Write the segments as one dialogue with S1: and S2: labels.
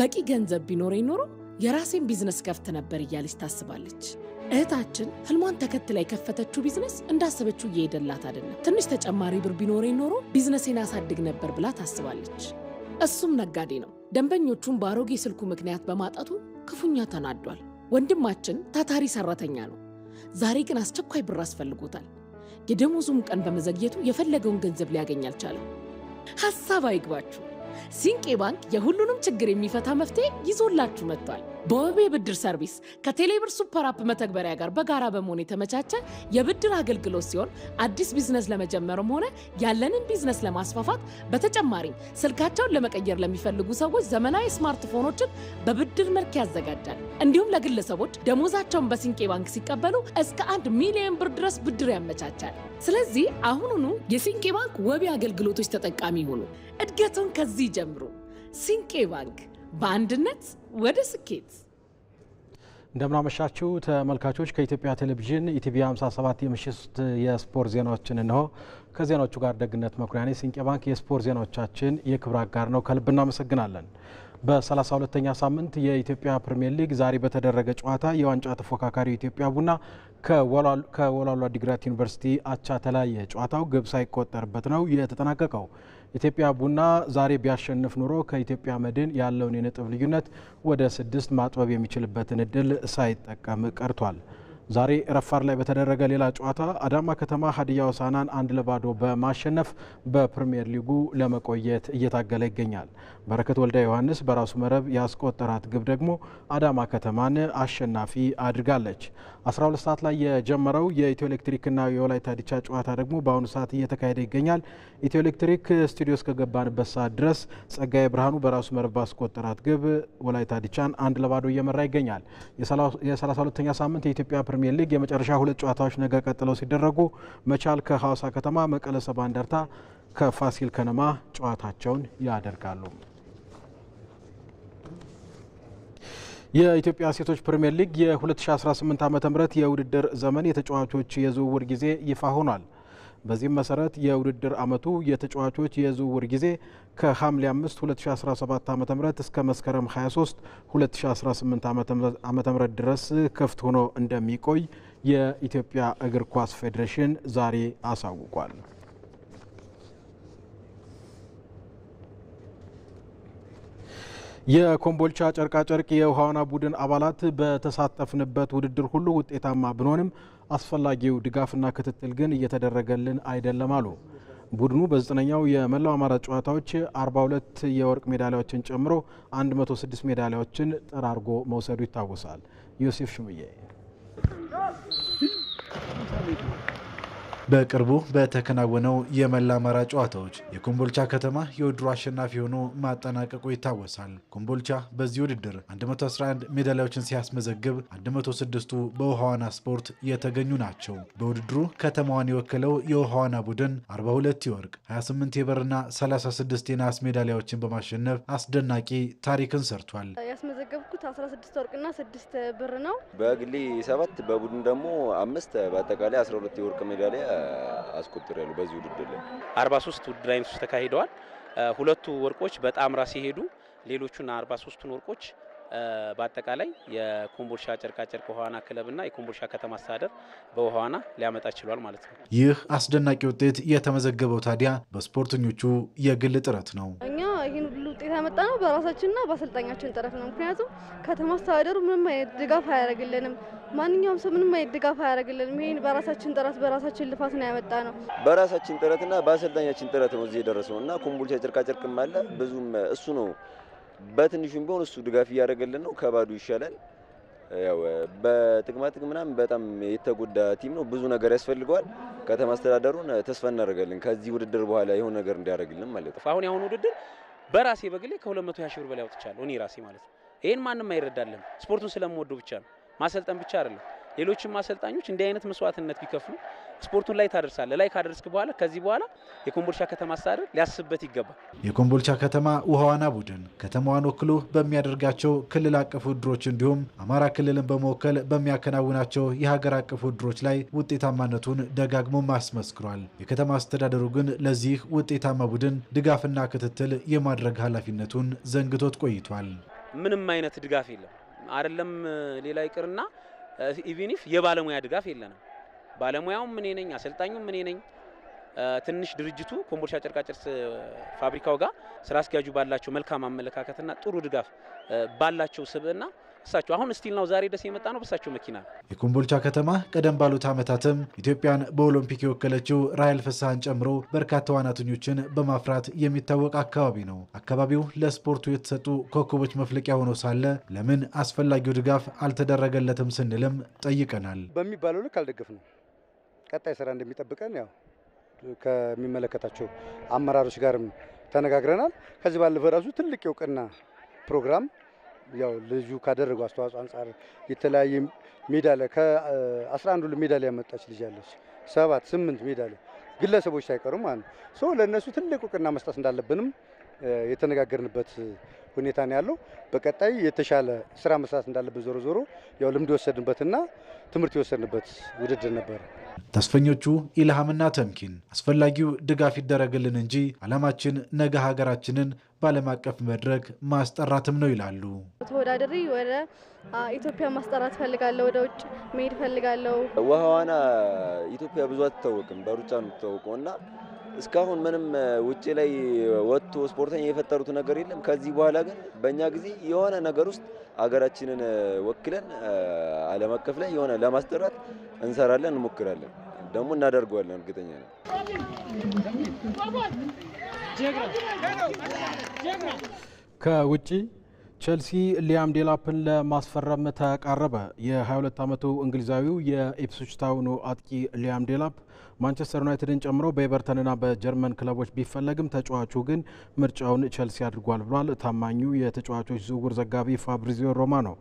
S1: በቂ ገንዘብ ቢኖረኝ ኖሮ የራሴን ቢዝነስ ከፍት ነበር እያለች ታስባለች። እህታችን ህልሟን ተከትላ የከፈተችው ቢዝነስ እንዳሰበችው እየሄደላት አይደለም። ትንሽ ተጨማሪ ብር ቢኖረኝ ኖሮ ቢዝነሴን አሳድግ ነበር ብላ ታስባለች። እሱም ነጋዴ ነው። ደንበኞቹን በአሮጌ ስልኩ ምክንያት በማጣቱ ክፉኛ ተናዷል። ወንድማችን ታታሪ ሰራተኛ ነው። ዛሬ ግን አስቸኳይ ብር አስፈልጎታል። የደሞዙም ቀን በመዘግየቱ የፈለገውን ገንዘብ ሊያገኝ አልቻለም። ሀሳብ አይግባችሁ። ሲንቄ ባንክ የሁሉንም ችግር የሚፈታ መፍትሄ ይዞላችሁ መጥቷል። በወቤ ብድር ሰርቪስ ከቴሌብር ሱፐር አፕ መተግበሪያ ጋር በጋራ በመሆን የተመቻቸ የብድር አገልግሎት ሲሆን አዲስ ቢዝነስ ለመጀመርም ሆነ ያለንን ቢዝነስ ለማስፋፋት በተጨማሪም ስልካቸውን ለመቀየር ለሚፈልጉ ሰዎች ዘመናዊ ስማርትፎኖችን በብድር መልክ ያዘጋጃል። እንዲሁም ለግለሰቦች ደሞዛቸውን በሲንቄ ባንክ ሲቀበሉ እስከ አንድ ሚሊዮን ብር ድረስ ብድር ያመቻቻል። ስለዚህ አሁኑኑ የሲንቄ ባንክ ወቤ አገልግሎቶች ተጠቃሚ ይሁኑ። እድገቱን ከዚህ ጀምሩ። ሲንቄ ባንክ በአንድነት ወደ ስኬት
S2: እንደምናመሻችሁ ተመልካቾች ከኢትዮጵያ ቴሌቪዥን ኢቲቪ 57 የምሽት የስፖርት ዜናዎችን እንሆ። ከዜናዎቹ ጋር ደግነት መኩሪያኔ። ሲንቄ ባንክ የስፖርት ዜናዎቻችን የክብር አጋር ነው። ከልብ እናመሰግናለን። በ32ኛ ሳምንት የኢትዮጵያ ፕሪምየር ሊግ ዛሬ በተደረገ ጨዋታ የዋንጫ ተፎካካሪው ኢትዮጵያ ቡና ከወላሉ ዲግራት ዩኒቨርሲቲ አቻ ተለያየ። ጨዋታው ግብ ሳይቆጠርበት ነው የተጠናቀቀው። ኢትዮጵያ ቡና ዛሬ ቢያሸንፍ ኑሮ ከኢትዮጵያ መድን ያለውን የነጥብ ልዩነት ወደ ስድስት ማጥበብ የሚችልበትን እድል ሳይጠቀም ቀርቷል። ዛሬ ረፋር ላይ በተደረገ ሌላ ጨዋታ አዳማ ከተማ ሀዲያ ሆሳዕናን አንድ ለባዶ በማሸነፍ በፕሪምየር ሊጉ ለመቆየት እየታገለ ይገኛል። በረከት ወልዳ ዮሐንስ በራሱ መረብ ያስቆጠራት ግብ ደግሞ አዳማ ከተማን አሸናፊ አድርጋለች። 12 ሰዓት ላይ የጀመረው የኢትዮ ኤሌክትሪክና የወላይታ ዲቻ ጨዋታ ደግሞ በአሁኑ ሰዓት እየተካሄደ ይገኛል። ኢትዮ ኤሌክትሪክ ስቱዲዮ እስከገባንበት ሰዓት ድረስ ጸጋዬ ብርሃኑ በራሱ መረብ ባስቆጠራት ግብ ወላይታ ዲቻን አንድ ለባዶ እየመራ ይገኛል። የ32ኛ ሳምንት የኢትዮጵያ ፕሪሚየር ሊግ የመጨረሻ ሁለት ጨዋታዎች ነገ ቀጥለው ሲደረጉ መቻል ከሐዋሳ ከተማ፣ መቀለ ሰባ እንደርታ ከፋሲል ከነማ ጨዋታቸውን ያደርጋሉ። የኢትዮጵያ ሴቶች ፕሪሚየር ሊግ የ2018 ዓ ም የውድድር ዘመን የተጫዋቾች የዝውውር ጊዜ ይፋ ሆኗል። በዚህም መሰረት የውድድር ዓመቱ የተጫዋቾች የዝውውር ጊዜ ከሐምሌ 5 2017 ዓ ም እስከ መስከረም 23 2018 ዓ ም ድረስ ክፍት ሆኖ እንደሚቆይ የኢትዮጵያ እግር ኳስ ፌዴሬሽን ዛሬ አሳውቋል። የኮምቦልቻ ጨርቃጨርቅ የውሃ ቡድን አባላት በተሳተፍንበት ውድድር ሁሉ ውጤታማ ብንሆንም አስፈላጊው ድጋፍና ክትትል ግን እየተደረገልን አይደለም አሉ። ቡድኑ በዘጠነኛው የመላው አማራ ጨዋታዎች 42 የወርቅ ሜዳሊያዎችን ጨምሮ 106 ሜዳሊያዎችን ጠራርጎ መውሰዱ ይታወሳል። ዮሴፍ ሹምዬ
S3: በቅርቡ በተከናወነው የመላ አማራ ጨዋታዎች የኮምቦልቻ ከተማ የውድሩ አሸናፊ ሆኖ ማጠናቀቁ ይታወሳል። ኮምቦልቻ በዚህ ውድድር 111 ሜዳሊያዎችን ሲያስመዘግብ 106ቱ በውሃ ዋና ስፖርት የተገኙ ናቸው። በውድድሩ ከተማዋን የወከለው የውሃ ዋና ቡድን 42 የወርቅ 28 የብርና 36 የነሐስ ሜዳሊያዎችን በማሸነፍ አስደናቂ ታሪክን ሰርቷል።
S4: ያስመዘገብኩት 16 ወርቅና 6 ብር ነው።
S5: በግሌ 7 በቡድን ደግሞ አምስት በአጠቃላይ 12 የወርቅ ሜዳሊያ አስቆጥር ያሉ በዚህ ውድድር ላይ
S6: 43 ውድድር አይነቶች ተካሂደዋል። ሁለቱ ወርቆች በጣምራ ሲሄዱ ሌሎቹና 43ቱን ወርቆች በአጠቃላይ የኮምቦልሻ ጨርቃጨርቅ ውሃዋና ክለብና የኮምቦልሻ ከተማ አስተዳደር በውሃዋና ሊያመጣ ችሏል ማለት ነው።
S3: ይህ አስደናቂ ውጤት የተመዘገበው ታዲያ በስፖርተኞቹ የግል ጥረት ነው።
S7: እኛ ይህን ሁሉ ውጤት ያመጣ ነው በራሳችንና በአሰልጣኛችን ጥረት ነው። ምክንያቱም ከተማ አስተዳደሩ ምንም አይነት ድጋፍ አያደርግልንም። ማንኛውም ሰው ምንም አይነት ድጋፍ አያደርግልንም። ይሄን በራሳችን ጥረት በራሳችን ልፋት ነው ያመጣ ነው።
S8: በራሳችን ጥረትና በአሰልጣኛችን ጥረት ነው እዚህ የደረስነው እና ኮምቦልቻ ጨርቃጨርቅም አለ ብዙም እሱ ነው በትንሹም ቢሆን እሱ ድጋፍ እያደረገልን ነው። ከባዱ ይሻላል። ያው በጥቅማ ጥቅም ምናምን በጣም የተጎዳ ቲም ነው። ብዙ ነገር ያስፈልገዋል። ከተማ አስተዳደሩን ተስፋ እናደርጋለን ከዚህ ውድድር በኋላ የሆነ ነገር እንዲያደርግልን ማለት ነው።
S6: አሁን ያሁኑ ውድድር በራሴ በግሌ ከ200 ሺህ ብር በላይ አውጥቻለሁ እኔ ራሴ ማለት ነው። ይሄን ማንም አይረዳለም። ስፖርቱን ስለምወደው ብቻ ነው። ማሰልጠን ብቻ አይደለም። ሌሎችም አሰልጣኞች እንዲህ አይነት መስዋዕትነት ቢከፍሉ ስፖርቱን ላይ ታደርሳለ። ላይ ካደርስክ በኋላ ከዚህ በኋላ የኮምቦልቻ ከተማ አስተዳደር ሊያስብበት ይገባል።
S3: የኮምቦልቻ ከተማ ውሃ ዋና ቡድን ከተማዋን ወክሎ በሚያደርጋቸው ክልል አቀፍ ውድድሮች እንዲሁም አማራ ክልልን በመወከል በሚያከናውናቸው የሀገር አቀፍ ውድድሮች ላይ ውጤታማነቱን ደጋግሞ አስመስክሯል። የከተማ አስተዳደሩ ግን ለዚህ ውጤታማ ቡድን ድጋፍና ክትትል የማድረግ ኃላፊነቱን ዘንግቶት ቆይቷል።
S6: ምንም አይነት ድጋፍ የለም። አይደለም ሌላ ይቅርና ኢቭን ኢፍ የባለሙያ ድጋፍ የለንም። ባለሙያውም እኔ ነኝ፣ አሰልጣኙም እኔ ነኝ። ትንሽ ድርጅቱ ኮምቦልቻ ጨርቃጨርስ ፋብሪካው ጋር ስራ አስኪያጁ ባላቸው መልካም አመለካከትና ጥሩ ድጋፍ ባላቸው ስብዕና እሳቸው አሁን ስቲል ነው ዛሬ ደስ የመጣ ነው በሳቸው መኪና ነው።
S3: የኮምቦልቻ ከተማ ቀደም ባሉት ዓመታትም ኢትዮጵያን በኦሎምፒክ የወከለችው ራይል ፍስሐን ጨምሮ በርካታ ዋናተኞችን በማፍራት የሚታወቅ አካባቢ ነው። አካባቢው ለስፖርቱ የተሰጡ ኮከቦች መፍለቂያ ሆኖ ሳለ ለምን አስፈላጊው ድጋፍ አልተደረገለትም ስንልም ጠይቀናል።
S9: በሚባለው ልክ አልደግፍ ነው። ቀጣይ ስራ እንደሚጠብቀን ያው ከሚመለከታቸው አመራሮች ጋርም ተነጋግረናል። ከዚህ ባለፈ ራሱ ትልቅ የእውቅና ፕሮግራም ያው ልጁ ካደረገው አስተዋጽኦ አንጻር የተለያየ ሜዳሊያ ከአስራ አንዱ ሜዳሊያ ያመጣች ልጅ አለች። ሰባት ስምንት ሜዳሊያ ግለሰቦች ሳይቀሩ ማለት ነው። ለእነሱ ትልቅ እውቅና መስጠት እንዳለብንም የተነጋገርንበት ሁኔታ ነው ያለው። በቀጣይ የተሻለ ስራ መስራት እንዳለብን ዞሮ ዞሮ ያው ልምድ የወሰድንበትና ትምህርት የወሰድንበት ውድድር ነበር።
S3: ተስፈኞቹ ኢልሃምና ተምኪን አስፈላጊው ድጋፍ ይደረግልን እንጂ ዓላማችን ነገ ሀገራችንን በዓለም አቀፍ መድረክ ማስጠራትም ነው ይላሉ።
S10: ተወዳደሪ ወደ ኢትዮጵያ ማስጠራት ፈልጋለሁ፣ ወደ ውጭ መሄድ ፈልጋለሁ።
S11: ውሃ ኢትዮጵያ ብዙ አትታወቅም፣ በሩጫ ነው የምትታወቀው እና እስካሁን ምንም ውጭ ላይ ወጥቶ ስፖርተኛ የፈጠሩት ነገር የለም። ከዚህ በኋላ ግን በእኛ ጊዜ የሆነ ነገር ውስጥ አገራችንን ወክለን ዓለም አቀፍ ላይ የሆነ ለማስጠራት እንሰራለን፣ እንሞክራለን፣ ደግሞ እናደርገዋለን። እርግጠኛ ነው።
S2: ከውጭ ቸልሲ ሊያም ዴላፕን ለማስፈረም ተቃረበ። የ22 ዓመቱ እንግሊዛዊው የኢፕስዊች ታውኑ አጥቂ ሊያም ዴላፕ ማንቸስተር ዩናይትድን ጨምሮ በኤቨርተንና በጀርመን ክለቦች ቢፈለግም ተጫዋቹ ግን ምርጫውን ቸልሲ አድርጓል ብሏል ታማኙ የተጫዋቾች ዝውውር ዘጋቢ ፋብሪዚዮ ሮማኖ ነው።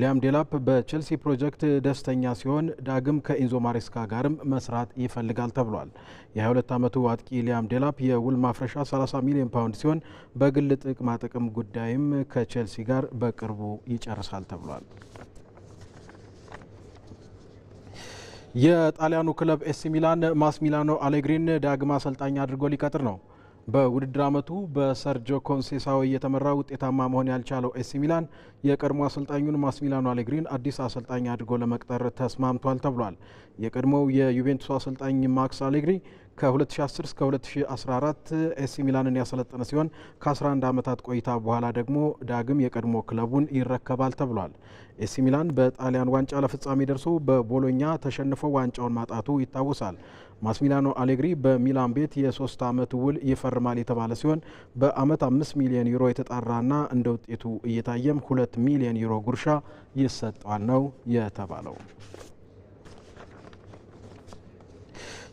S2: ሊያም ዴላፕ በቼልሲ ፕሮጀክት ደስተኛ ሲሆን ዳግም ከኢንዞ ማሬስካ ጋርም መስራት ይፈልጋል ተብሏል። የ22 ዓመቱ አጥቂ ሊያም ዴላፕ የውል ማፍረሻ 30 ሚሊዮን ፓውንድ ሲሆን በግል ጥቅማ ጥቅም ጉዳይም ከቼልሲ ጋር በቅርቡ ይጨርሳል ተብሏል። የጣሊያኑ ክለብ ኤሲ ሚላን ማስ ሚላኖ አሌግሪን ዳግም አሰልጣኝ አድርጎ ሊቀጥር ነው። በውድድር ዓመቱ በሰርጆ ኮንሴሳዎ እየተመራ ውጤታማ መሆን ያልቻለው ኤሲ ሚላን የቀድሞ አሰልጣኙን ማስሚላኖ አሌግሪን አዲስ አሰልጣኝ አድርጎ ለመቅጠር ተስማምቷል ተብሏል። የቀድሞው የዩቬንቱስ አሰልጣኝ ማክስ አሌግሪ ከ2010 እስከ 2014 ኤሲ ሚላንን ያሰለጠነ ሲሆን ከ11 ዓመታት ቆይታ በኋላ ደግሞ ዳግም የቀድሞ ክለቡን ይረከባል ተብሏል። ኤሲ ሚላን በጣሊያን ዋንጫ ለፍጻሜ ደርሶ በቦሎኛ ተሸንፎ ዋንጫውን ማጣቱ ይታወሳል። ማስሚላኖ አሌግሪ በሚላን ቤት የሶስት ዓመት ውል ይፈርማል የተባለ ሲሆን በአመት አምስት ሚሊዮን ዩሮ የተጣራና እንደ ውጤቱ እየታየም ሁለት ሚሊዮን ዩሮ ጉርሻ ይሰጠዋል ነው የተባለው።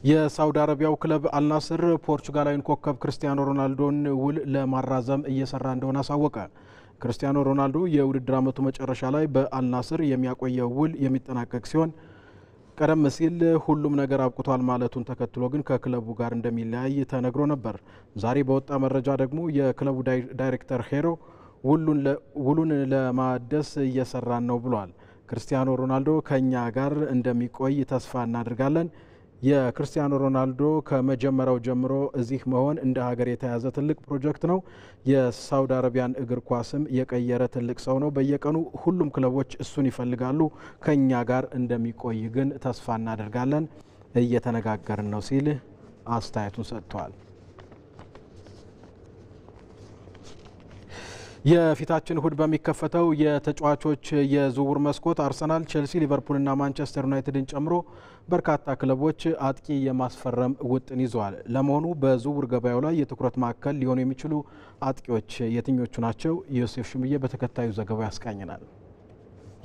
S2: የሳውዲ አረቢያው ክለብ አልናስር ፖርቹጋላዊን ኮከብ ክርስቲያኖ ሮናልዶን ውል ለማራዘም እየሰራ እንደሆነ አሳወቀ። ክርስቲያኖ ሮናልዶ የውድድር አመቱ መጨረሻ ላይ በአልናስር የሚያቆየው ውል የሚጠናቀቅ ሲሆን ቀደም ሲል ሁሉም ነገር አብቅቷል ማለቱን ተከትሎ ግን ከክለቡ ጋር እንደሚለያይ ተነግሮ ነበር። ዛሬ በወጣ መረጃ ደግሞ የክለቡ ዳይሬክተር ሄሮ ውሉን ለማደስ እየሰራን ነው ብሏል። ክርስቲያኖ ሮናልዶ ከእኛ ጋር እንደሚቆይ ተስፋ እናደርጋለን የክርስቲያኖ ሮናልዶ ከመጀመሪያው ጀምሮ እዚህ መሆን እንደ ሀገር የተያዘ ትልቅ ፕሮጀክት ነው። የሳውዲ አረቢያን እግር ኳስም የቀየረ ትልቅ ሰው ነው። በየቀኑ ሁሉም ክለቦች እሱን ይፈልጋሉ። ከእኛ ጋር እንደሚቆይ ግን ተስፋ እናደርጋለን፣ እየተነጋገርን ነው ሲል አስተያየቱን ሰጥቷል። የፊታችን እሁድ በሚከፈተው የተጫዋቾች የዝውውር መስኮት አርሰናል፣ ቼልሲ፣ ሊቨርፑልና ማንቸስተር ዩናይትድን ጨምሮ በርካታ ክለቦች አጥቂ የማስፈረም ውጥን ይዘዋል። ለመሆኑ በዝውውር ገበያው ላይ የትኩረት ማዕከል ሊሆኑ የሚችሉ አጥቂዎች የትኞቹ ናቸው? ዮሴፍ ሽምዬ በተከታዩ ዘገባ ያስቃኝናል።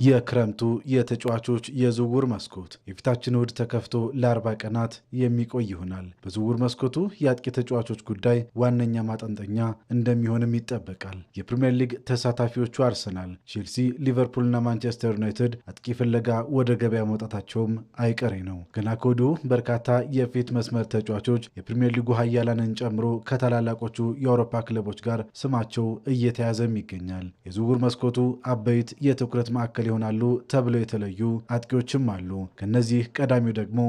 S3: የክረምቱ የተጫዋቾች የዝውውር መስኮት የፊታችን እሁድ ተከፍቶ ለአርባ ቀናት የሚቆይ ይሆናል። በዝውውር መስኮቱ የአጥቂ ተጫዋቾች ጉዳይ ዋነኛ ማጠንጠኛ እንደሚሆንም ይጠበቃል። የፕሪምየር ሊግ ተሳታፊዎቹ አርሰናል፣ ቼልሲ፣ ሊቨርፑልና ማንቸስተር ዩናይትድ አጥቂ ፍለጋ ወደ ገበያ መውጣታቸውም አይቀሬ ነው። ገና ከወዲሁ በርካታ የፊት መስመር ተጫዋቾች የፕሪምየር ሊጉ ኃያላንን ጨምሮ ከታላላቆቹ የአውሮፓ ክለቦች ጋር ስማቸው እየተያዘም ይገኛል። የዝውውር መስኮቱ አበይት የትኩረት ማዕከል መካከል ይሆናሉ ተብለው የተለዩ አጥቂዎችም አሉ። ከእነዚህ ቀዳሚው ደግሞ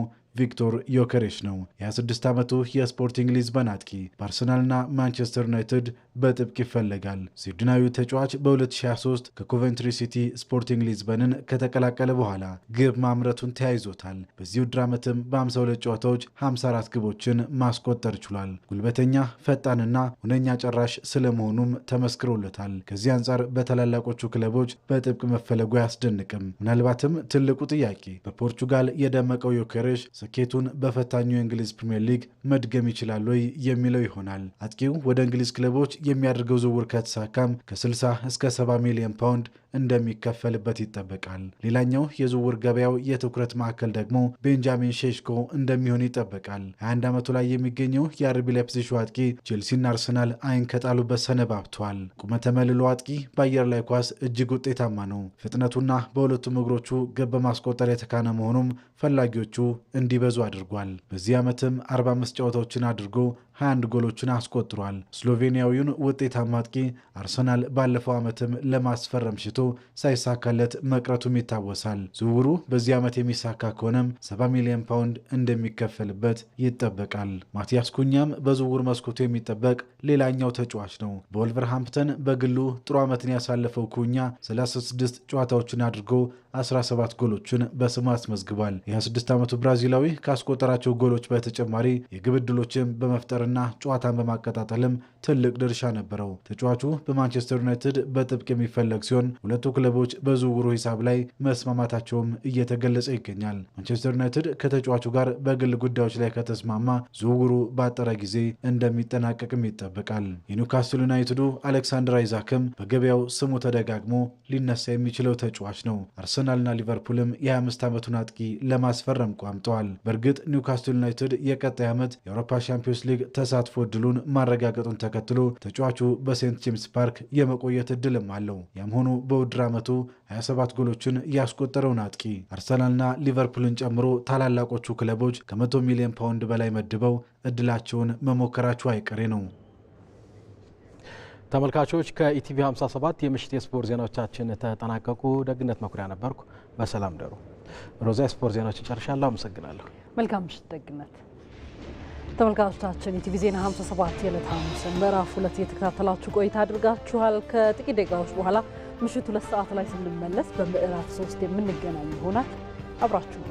S3: ቪክቶር ዮከሬሽ ነው። የ26 ዓመቱ የስፖርቲንግ ሊዝበን አጥቂ በአርሰናልና ማንቸስተር ዩናይትድ በጥብቅ ይፈለጋል። ስዊድናዊው ተጫዋች በ2023 ከኮቨንትሪ ሲቲ ስፖርቲንግ ሊዝበንን ከተቀላቀለ በኋላ ግብ ማምረቱን ተያይዞታል። በዚህ ውድድር ዓመትም በ52 ጨዋታዎች 54 ግቦችን ማስቆጠር ችሏል። ጉልበተኛ፣ ፈጣንና ሁነኛ ጨራሽ ስለመሆኑም ተመስክሮለታል። ከዚህ አንጻር በታላላቆቹ ክለቦች በጥብቅ መፈለጉ አያስደንቅም። ምናልባትም ትልቁ ጥያቄ በፖርቹጋል የደመቀው ዮኬሬሽ ስኬቱን በፈታኙ የእንግሊዝ ፕሪምየር ሊግ መድገም ይችላል ወይ የሚለው ይሆናል። አጥቂው ወደ እንግሊዝ ክለቦች የሚያደርገው ዝውውር ከተሳካም ከ60 እስከ 70 ሚሊዮን ፓውንድ እንደሚከፈልበት ይጠበቃል። ሌላኛው የዝውውር ገበያው የትኩረት ማዕከል ደግሞ ቤንጃሚን ሼሽኮ እንደሚሆን ይጠበቃል። 21 ዓመቱ ላይ የሚገኘው የአርቢ ላይፕዚግ አጥቂ ቼልሲና አርሰናል አይን ከጣሉበት ሰነባብቷል። ቁመተ መልሎ አጥቂ በአየር ላይ ኳስ እጅግ ውጤታማ ነው። ፍጥነቱና በሁለቱም እግሮቹ ግብ በማስቆጠር የተካነ መሆኑም ፈላጊዎቹ እንዲበዙ አድርጓል። በዚህ ዓመትም 45 ጨዋታዎችን አድርጎ 21 ጎሎችን አስቆጥሯል። ስሎቬንያዊውን ውጤታማ አጥቂ አርሰናል ባለፈው ዓመትም ለማስፈረም ሽቶ ሳይሳካለት መቅረቱም ይታወሳል። ዝውውሩ በዚህ ዓመት የሚሳካ ከሆነም 70 ሚሊዮን ፓውንድ እንደሚከፈልበት ይጠበቃል። ማቲያስ ኩኛም በዝውውር መስኮቱ የሚጠበቅ ሌላኛው ተጫዋች ነው። በወልቨርሃምፕተን በግሉ ጥሩ ዓመትን ያሳለፈው ኩኛ 36 ጨዋታዎችን አድርጎ 17 ጎሎችን በስሙ አስመዝግቧል። የ26 ዓመቱ ብራዚላዊ ካስቆጠራቸው ጎሎች በተጨማሪ የግብ ዕድሎችን በመፍጠርና ጨዋታን በማቀጣጠልም ትልቅ ድርሻ ነበረው። ተጫዋቹ በማንቸስተር ዩናይትድ በጥብቅ የሚፈለግ ሲሆን ሁለቱ ክለቦች በዝውውሩ ሂሳብ ላይ መስማማታቸውም እየተገለጸ ይገኛል። ማንቸስተር ዩናይትድ ከተጫዋቹ ጋር በግል ጉዳዮች ላይ ከተስማማ ዝውውሩ በአጠረ ጊዜ እንደሚጠናቀቅም ይጠበቃል። የኒውካስትል ዩናይትዱ አሌክሳንደር አይዛክም በገበያው ስሙ ተደጋግሞ ሊነሳ የሚችለው ተጫዋች ነው። አርሰናልና ሊቨርፑልም የ25 ዓመቱን አጥቂ ለማስፈረም ቋምጠዋል። በእርግጥ ኒውካስትል ዩናይትድ የቀጣይ ዓመት የአውሮፓ ሻምፒዮንስ ሊግ ተሳትፎ እድሉን ማረጋገጡን ተከትሎ ተጫዋቹ በሴንት ጄምስ ፓርክ የመቆየት እድልም አለው። ያም ሆኖ በውድድር ዓመቱ 27 ጎሎችን ያስቆጠረውን አጥቂ አርሰናልና ሊቨርፑልን ጨምሮ ታላላቆቹ ክለቦች ከ100 ሚሊዮን ፓውንድ በላይ መድበው እድላቸውን መሞከራቸው አይቀሬ ነው።
S2: ተመልካቾች ከኢቲቪ 57 የምሽት የስፖርት ዜናዎቻችን ተጠናቀቁ። ደግነት መኩሪያ ነበርኩ። በሰላም ደሩ። ሮዛ የስፖርት ዜናዎችን ጨርሻለሁ። አመሰግናለሁ።
S12: መልካም ምሽት ደግነት። ተመልካቾቻችን ኢቲቪ ዜና 57 የዕለት ሐሙስ ምዕራፍ ሁለት እየተከታተላችሁ ቆይታ አድርጋችኋል። ከጥቂት ደቂቃዎች በኋላ ምሽት ሁለት ሰዓት ላይ ስንመለስ በምዕራፍ ሶስት የምንገናኝ ይሆናል። አብራችሁ